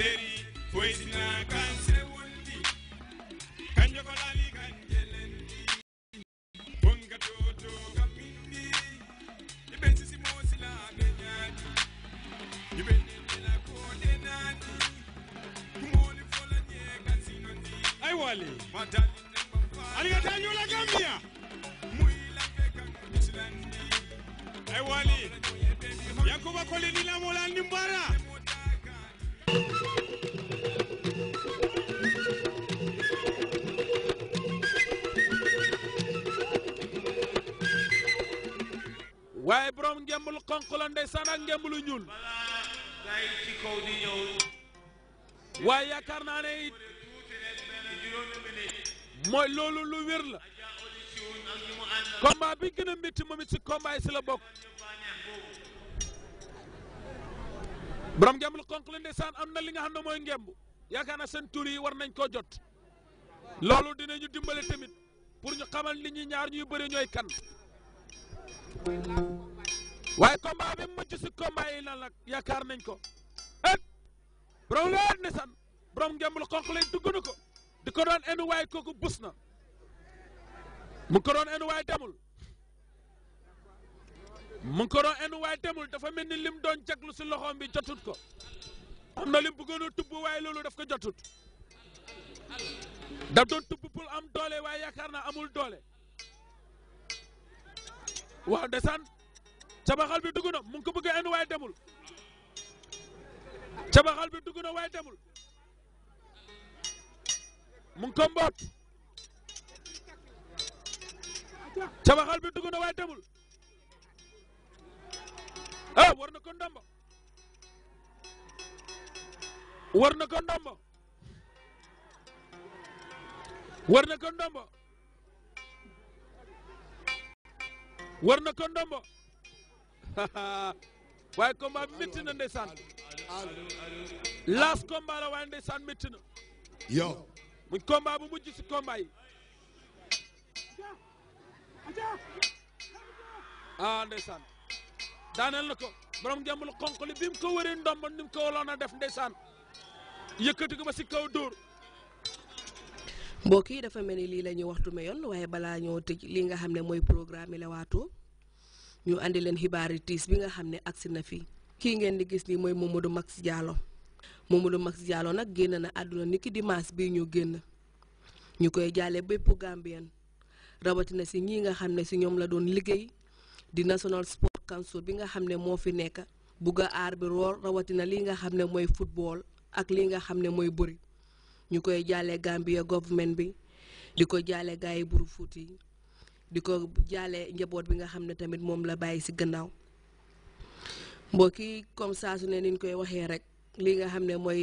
seri koytina kan sewondi kanjo ko laawi kan jelendi wonga toto kam bindi eɓe sisimo silaɓe ñaadi eɓe nendela koɗe naati kumoni fola jeekan sinondi ay wali aligata ñola gambia muyilaɓe kan islandi ay wali yankuba kolini lamolanni mbara waaye borom ngembul xonq la ndeysaan ak ngembulu ñuul waaye yaakaar naa ne it mooy loolu lu wér la combat bi gën a métti si combat si la bokk borom ngemb lu xonq li ndeysaan am na li nga xam mooy ngemb yaakaar na seen tur yi war nañ koo jot loolu dinañu dimbale tamit pour ñu xamal li ñi ñaar ñuy bëri ñooy kan waaye combat bi mucc si combat yi lan nag yaakaar nañ ko et eh, borom leer ndeysaan borom ngemb lu xonq li dugg na ko di ko doon enu waaye kooku bus na mu ko doon enu waaye demul mu ngi ko doon indi waaye demul dafa mel ni lim doon jaglu si loxoom bi jotut ko am na lim bëggoon a tubb waaye loolu daf ko jotut daf doon tubb pour am doole waaye yaakaar naa amul doole waaw desaan cabaxal bi dugg na mu ngi ko bëgg a indi waaye demul cabaxal bi dugg na waaye demul mu ngi ko mboot cabaxal bi dugg na waaye demul. ah war na ko ndomba wër na ko ndomba wër na ko ndomba war na ko ndomba waaye combat bi métti na ndeysaan last combat la waaye ndeysaan métti na yow muy combat bu mujj si combat yi ah ndeysaan daaneel na ko borom ngemb lu li bim ko wéré ndomb nim ko waloon a def ndeysaan yëkëti ko ba ci kaw door mbokk yi dafa mel ni lii la ñuy waxtu meyoon waaye balaa ñoo tëj li nga xam ne mooy programme Leewtoo ñu andi leen xibaari tiis bi nga xam ne na fi kii ngeen di gis nii mooy momadou Max Diallo momadou Max Diallo nag génn na àdduna niki dimanche bii ñu génn ñu koy jaale bépp Gambien rawatina si ñi nga xam ne si la doon liggéey di national sport. council bi nga xam ne moo fi nekk bugg a aar bi roor rawatina li nga xam ne mooy football ak li nga xam ne mooy bëri ñu koy jaale Gambia government bi di ko jaale gars yi buru foot di ko jaale njaboot bi nga xam ne tamit moom la bàyyi si gannaaw mbokki comme saa su ne niñ koy waxee rek li nga xam ne mooy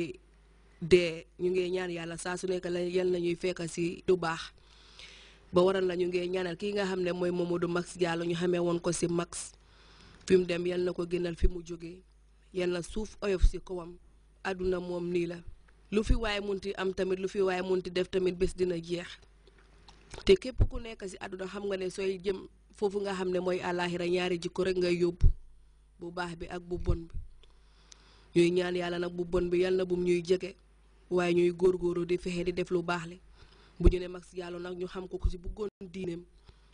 dee ñu ngee ñaan yàlla saa su nekk la yal na ñuy fekk si lu baax ba waral na ñu ngi ñaanal kii nga xam ne mooy du Max Jallow ñu xamee woon ko si Max fi mu dem yal na ko gënal fi mu jógee yal na suuf oyof si kowam àdduna moom nii la lu fi waaye munti am tamit lu fi waaye ti def tamit bés dina jeex te képp ku nekk si àdduna xam nga ne sooy jëm foofu nga xam ne mooy àllaaxira ñaari jikko rek ngay yóbbu bu baax bi ak bu bon bi ñuy ñaan yàlla nag bu bon bi yal na bum ñuy jege waaye ñuy góor góorgóorlu di fexe di def lu baax li bu ñu ne mag si yàlla nag ñu xam ko ku si bëggoon diineem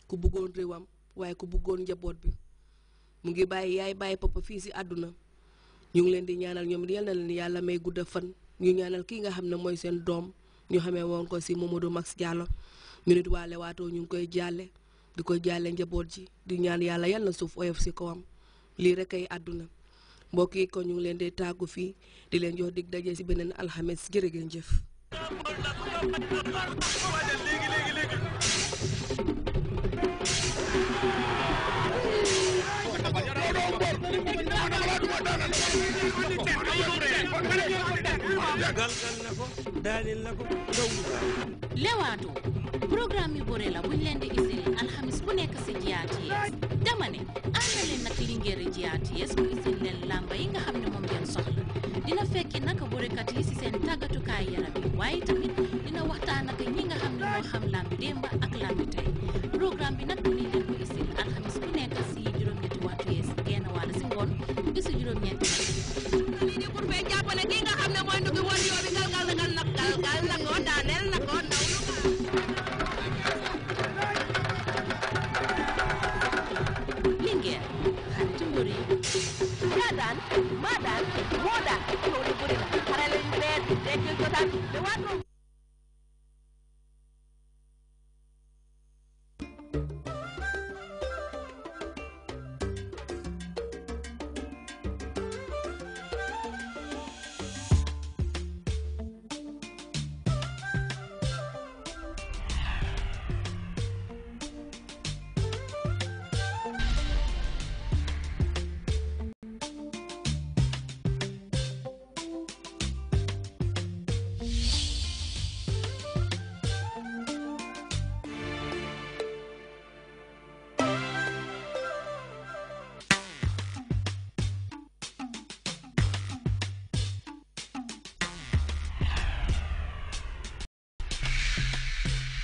ku buggoon réewam waaye ku bëggoon njaboot bi mu ngi bàyyi yaay bàyyi popp fii si àdduna ñu ngi leen di ñaanal ñoom yal na leen yàlla may gudd fan ñu ñaanal kii nga xam ne mooy seen doom ñu xamee woon ko si Momadou Max Diallo ñu nit waa Leewtoo ñu ngi koy jàlle di ko jàlle njaboot ji di ñaan yàlla yal na suuf oyof si kawam lii rek ay àdduna mbokk yi kon ñu ngi leen di tàggu fii di leen jox dig daje si beneen alxames jërë ngeen jëf. galgal na ko daanil na la buñ leen di isili alxamis bu nekk si GRTS dama ne ànd leen nag li ngeen di GRTS Madan, Madan,